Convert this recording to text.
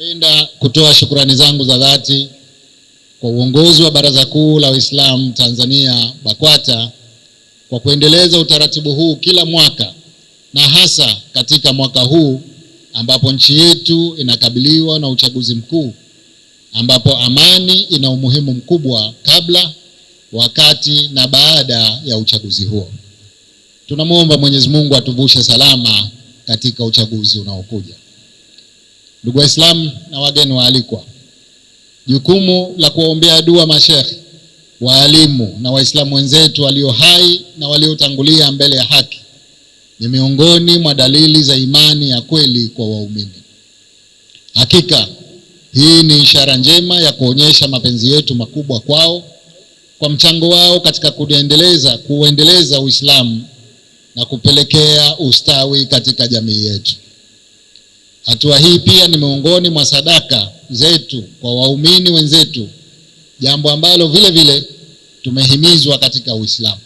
Napenda kutoa shukrani zangu za dhati kwa uongozi wa Baraza Kuu la Waislamu Tanzania BAKWATA kwa kuendeleza utaratibu huu kila mwaka na hasa katika mwaka huu ambapo nchi yetu inakabiliwa na uchaguzi mkuu ambapo amani ina umuhimu mkubwa kabla, wakati na baada ya uchaguzi huo. Tunamwomba Mwenyezi Mungu atuvushe salama katika uchaguzi unaokuja. Ndugu Waislamu na wageni waalikwa, jukumu la kuwaombea dua mashekhe, waalimu na Waislamu wenzetu walio hai na waliotangulia mbele ya haki ni miongoni mwa dalili za imani ya kweli kwa waumini. Hakika hii ni ishara njema ya kuonyesha mapenzi yetu makubwa kwao kwa mchango wao katika kuendeleza kuendeleza Uislamu na kupelekea ustawi katika jamii yetu. Hatua hii pia ni miongoni mwa sadaka zetu kwa waumini wenzetu, jambo ambalo vile vile tumehimizwa katika Uislamu.